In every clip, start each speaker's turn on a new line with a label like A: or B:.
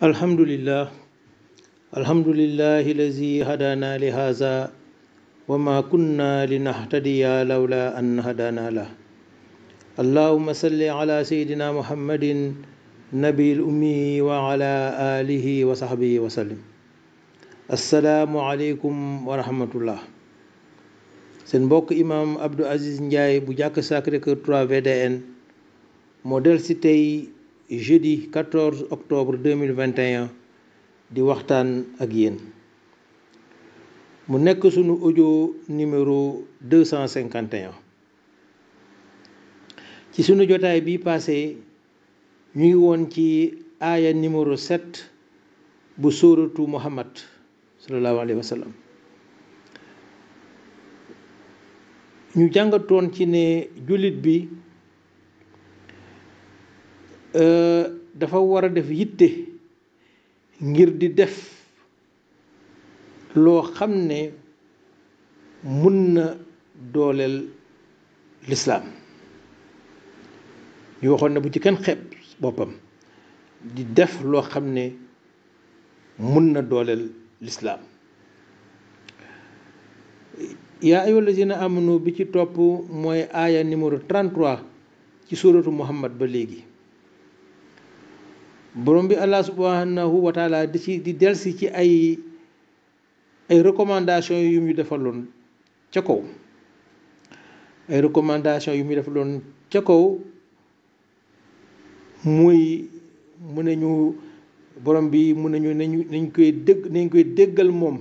A: الحمد لله الحمد لله الذي هدانا لهذا وما كنا لنهتدي لولا أن هدانا له اللهم صل على سيدنا محمد نبي الأمي وعلى آله وصحبه وسلم السلام عليكم ورحمة الله سن بوك إمام عبد العزيز نجاي bu jàkk Sacré-Cœur 3 VDN moo del si tey jeudi 14 octobre 2021 di waxtaan ak yéen mu nekk suñu audio numéro 251 ci suñu jotaay bi passé ñuy ngi woon ci aaya numéro 7 bu sóoratu Muhammad sallallahu alayhi wa sallam ñu jàngatoon ci ne jullit bi Euh, dafa war a def yitte ngir di def loo xam ne mën na dooleel lislaam ñu waxoon ne bu ci kenn xeeb boppam di def loo xam ne mën na dooleel lislaam yaa ayyuha allazina amanu bi ci topp mooy aaya numéro 33 ci suuratu muhammad ba léegi borom bi allah subhanahu wa taala di ci di delsi ci ay ay recommandation yu muy defaloon ca kaw ay yu ñu defaloon ca kaw muy mu ne ñu borom bi mu nañu nañu nañ koy dëgg nañ koy dëggal moom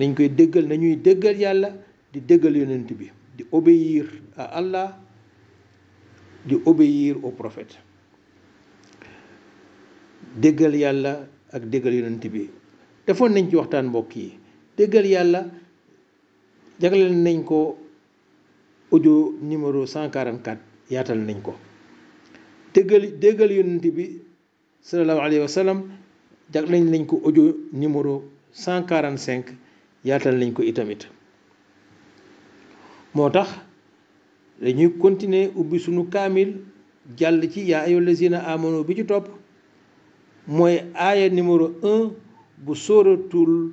A: nañ koy dëggal nañuy dëggal yàlla di dëggal yonent bi di obéir à Allah di obéir au prophète déggal yàlla ak déggal yonent bi defoon nañ ci waxtaan mbokk yi déggal yàlla jagleel nañ ko audio numéro 144 yaatal nañ ko déggal déggal yonent bi sallallahu alayhi wa sallam jagleel nañ ko audio numéro 145 yaatal nañ ko itamit moo tax dañuy continuer ubbi sunu kaamil jàll ci yaa ayyuhallazina amanu bi ci topp mooy aaya numéro un bu sóoratul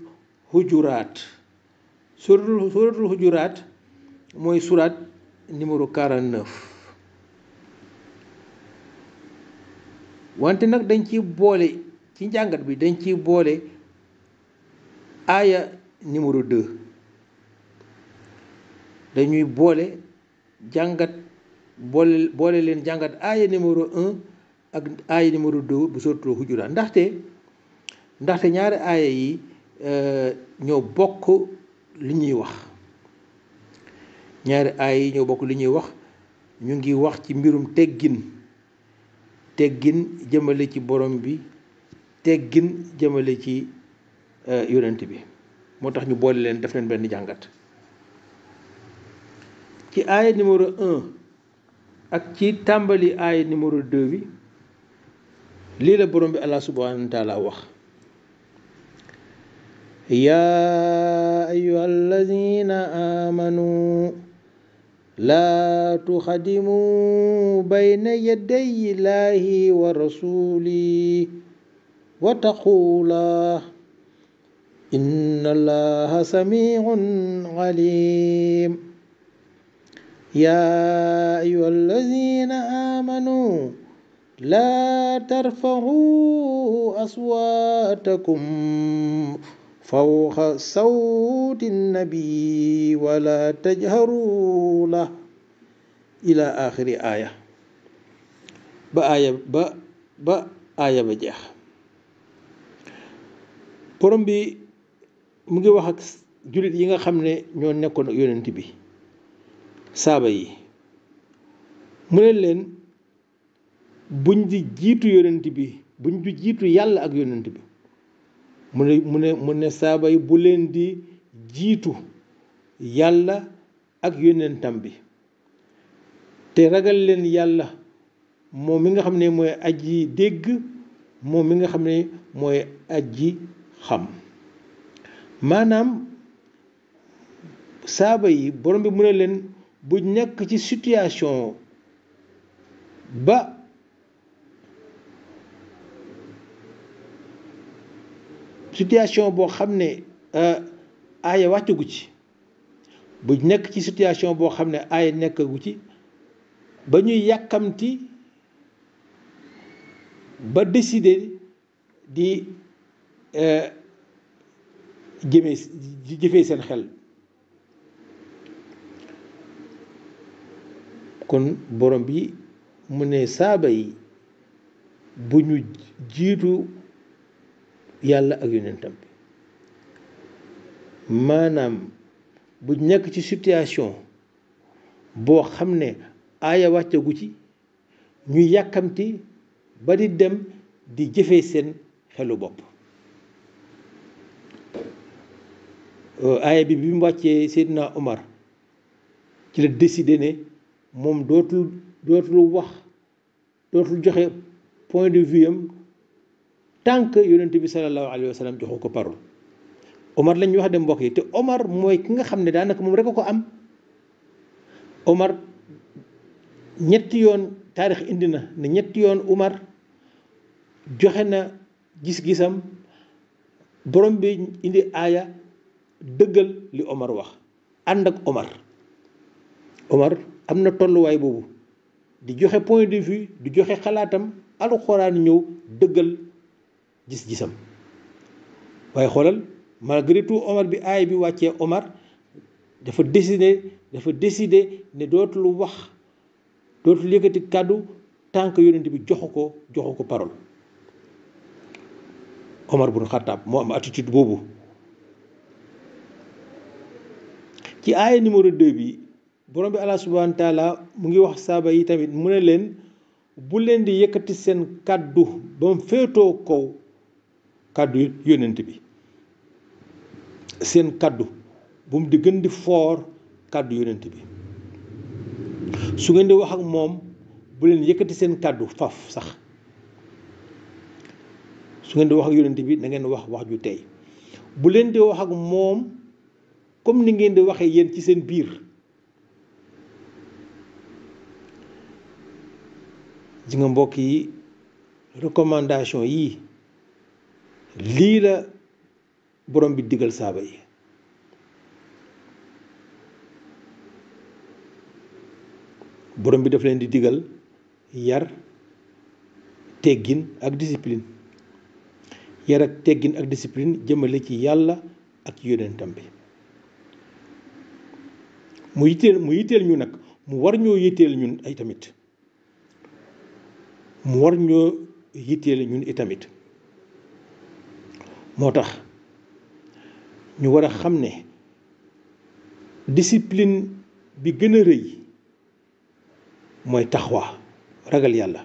A: hujuraat sóoratul hujuraat mooy suraat numéro 49 wante nag dañ ci boole ci njàngat bi dañ ci boole aaya numéro 2 dañuy boole jàngat boole boole leen jàngat aaya numéro 1 ak aaya numéro 2 bu sooratul Hujuraat ndaxte ndaxte ñaari aaya yi euh, ñoo bokk li ñuy wax ñaari aaya yi ñoo bokk li ñuy wax ñu ngi wax ci mbirum teggin teggin jëmale ci borom bi teggin jëmale ci euh, yonent bi moo tax ñu boole leen def leen benn jàngat ci aaya numéro un ak ci tàmbali aaya numéro deux bi lii la borom bi allah subhanahu wa taala wax يا أيها الذين آمنوا لا تخدموا بين يدي الله ورسوله واتقوا الله إن الله سميع عليم يا أيها الذين آمنوا laa tarfa'uu aswaatakum fawqa sawti nabi wala tajharuu la ila aaya ba aaya ba ba aaya ba jeex borom bi mu ngi wax ak jullit yi nga xam ne ñoo nekkoon ak bi saaba yi mu ne leen buñ di jiitu yonent bi buñ di jiitu yàlla ak yonent bi mu ne mu ne mu ne saaba yi bu leen di jiitu yàlla ak yonentam bi te ragal leen yàlla moom mi nga xam ne mooy aji dégg moom mi nga xam ne mooy aji xam maanaam saaba yi borom bi mu ne leen bu nekk ci situation ba situation boo xam ne euh, aaya wàccagu ci bu nekk ci situation boo xam ne aaya nekkagu ci ba ñuy yàkkamti ba décider di euh, jëmee jëfee seen xel kon borom bi mu ne saaba yi bu ñu jiitu yàlla ak yonentam bi maanaam bu nekk ci situation boo xam ne aaya wàccagu ci ñu yàkkamti ba di dem di jëfee seen xelu bopp euh, aaya bi bi mu wàccee Seydina Omar ci la décidé ne moom dootul dootul wax dootul joxe point de vue am tant que yonent bi sallallahu alayhi wa sallam ko parole Omar lañ wax de mbokk yi te Omar mooy ki nga xam ne daanaka moom rek a ko am Omar ñetti yoon taarix indi na ne ñetti yoon Omar joxe na gis-gisam borom bi indi aaya dëggal li Omar wax ànd ak Omar Omar am na tolluwaay boobu di joxe point de vue di joxe xalaatam alxuraan ñëw dëggal. gis-gisam waaye xoolal malgré Omar bi aay bi wàccee Omar dafa décidé dafa décidé ne dootul wax dootul yëkkati kàddu tànk yonent bi joxu ko joxu ko parole Omar bun Xattaab moo am attitude boobu ci aaya numéro 2 bi borom bi allah subhanahu mu ngi wax saaba yi tamit mu ne leen bu leen di yëkkati seen kàddu ba mu féetoo kow kàddu yónnent bi seen kàddu bu mu di di foor kàddu yónnent bi su ngeen di wax ak moom bu leen yëkkati seen kàddu faf sax su ngeen di wax ak yónnent bi na ngeen wax wax ju tey bu leen di wax ak moom comme ni ngeen di waxee yéen ci seen biir ji nga mbokk yi recommandation yii lii la borom bi digal saaba yi borom bi daf leen di digal yar teggin ak discipline yar ak teggin ak discipline jëmmale ci yàlla ak yonentam bi mu yitteel mu yitteel ñu nag mu war ñoo yitteel ñun ay tamit mu war ñoo yitteel ñun itamit moo tax ñu war a xam ne disiplin bi gën a rëy mooy taxwa ragal yàlla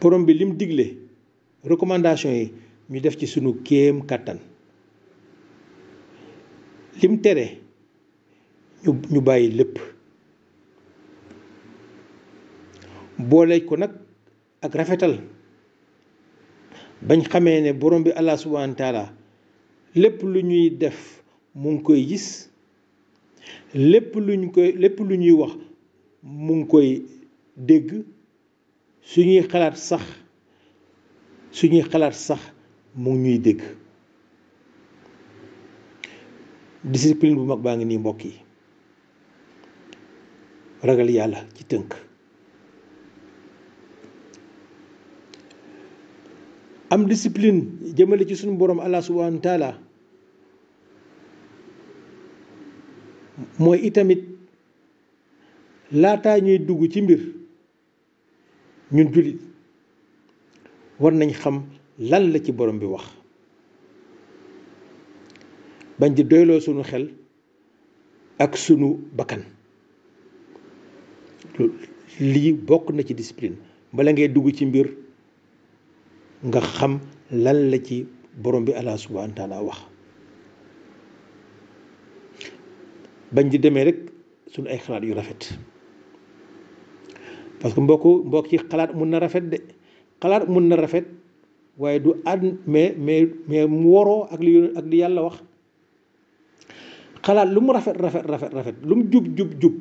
A: borom bi lim digle recommandation yi ñu def ci sunu kéem kàttan lim tere ñu ñu bàyyi lépp boole ko nag ak rafetal bañ xamee ne borom bi allah subhanahu wa lépp lu ñuy def mu ngi koy gis lépp luñ koy lépp lu ñuy wax mu ngi koy dégg su ñuy xalaat sax suñuy xalaat sax mu ngi ñuy dégg discipline bu mag baa ngi nii mbokk yi ragal yàlla ci tënk am discipline jëmale ci suñu borom allah subhanahu wa taala mooy itamit laataa ñuy dugg ci mbir ñun jullit war nañ xam lan la ci boroom bi wax bañ di doyloo suñu xel ak sunu bakkan lii bokk na ci discipline bala ngay dugg ci mbir nga xam lan la ci borom bi allah subhanahu taala wax bañ di demee rek suñu ay xalaat yu rafet parce que mbokk mbokk ci xalaat mun na rafet de xalaat mun na rafet waaye du ad mais mais mais mu waroo ak li ak li yàlla wax xalaat lu mu rafet rafet rafet rafet lu mu jub jub jub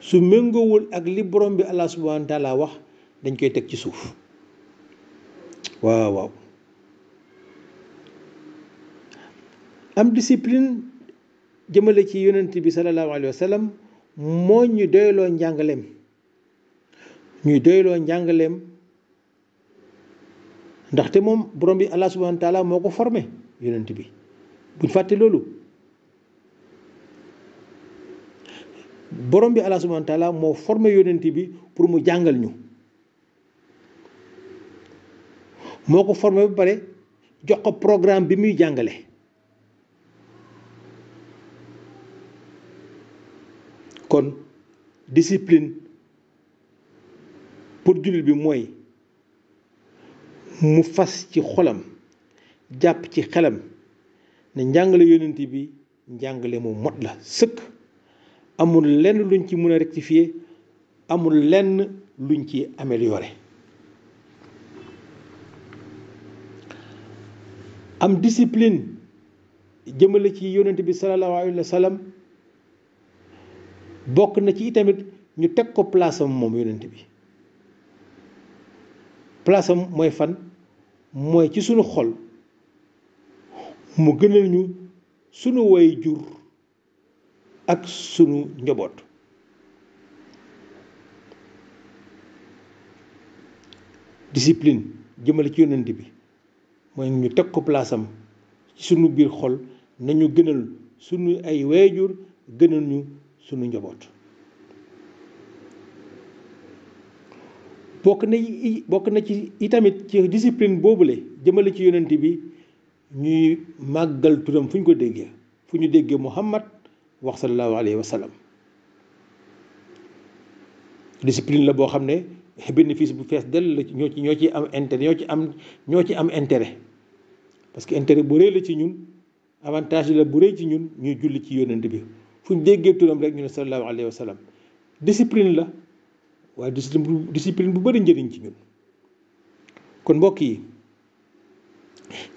A: su méngoowul ak li borom bi allah subhanahu taala wax dañ koy teg ci suuf waaw waaw am discipline jëmale ci yonent bi sallallahu alayhi wa sallam moo ñu doyloo njàngaleem ñuy doyloo njàngaleem ndaxte moom borom bi allah subhanahu wa taala moo ko formé yonent bi buñ fàtte loolu borom bi allah subhanahu wa taala moo formé yonent bi pour mu jàngal ñu moo ko formé ba pare jox ko programme bi muy jàngale kon discipline pour jullit bi mooy mu fas ci xolam jàpp ci xelam ne njàngale yonent bi njàngale mu mot la sëkk amul lenn luñ ci mën a rectifier amul lenn luñ ci améliorer am discipline jëmale ci yonent bi sallallahu alayhi wa bokk na ci tamit ñu teg ko place moom yonent bi place mooy fan mooy ci sunu xol mu gënal ñu sunu way jur ak sunu njaboot discipline jëmale ci yonent bi mooy ñu teg ko place am ci sunu biir xol nañu gënal sunu ay waajur gënal ñu sunu njaboot bokk na bokk na ci itamit ci discipline boobule jëmale ci yonent bi ñuy màggal turam fu ñu ko déggee fu ñu déggee muhammad wax sallallahu alayhi wa disiplin la boo xam ne bénéfice bu fees dell la ñoo ci ñoo ciy am intérêt ñoo ci am ñoo ci am intérêt parce que intérêt bu rëy la ci ñun avantage la bu rëy ci ñun ñuy julli ci yonent bi fu ñu déggee turam rek ñu ne sallallahu alayhi wa sallam discipline la waaye discipline bu bu bëri njëriñ ci ñun kon mbokk yi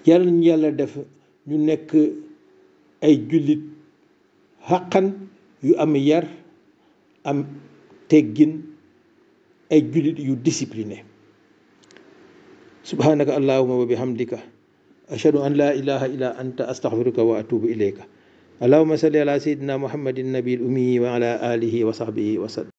A: yàlla nañu yàlla def ñu nekk ay jullit xàqan yu am yar am teggin ay jullit yu discipliné subhanaka allahuma wa bihamdika ashhadu an la ilaha illa anta astaghfiruka wa atubu ilayka allahuma salli ala sayyidina muhammadin nabil ummi wa ala alihi wa sahbihi wa sallam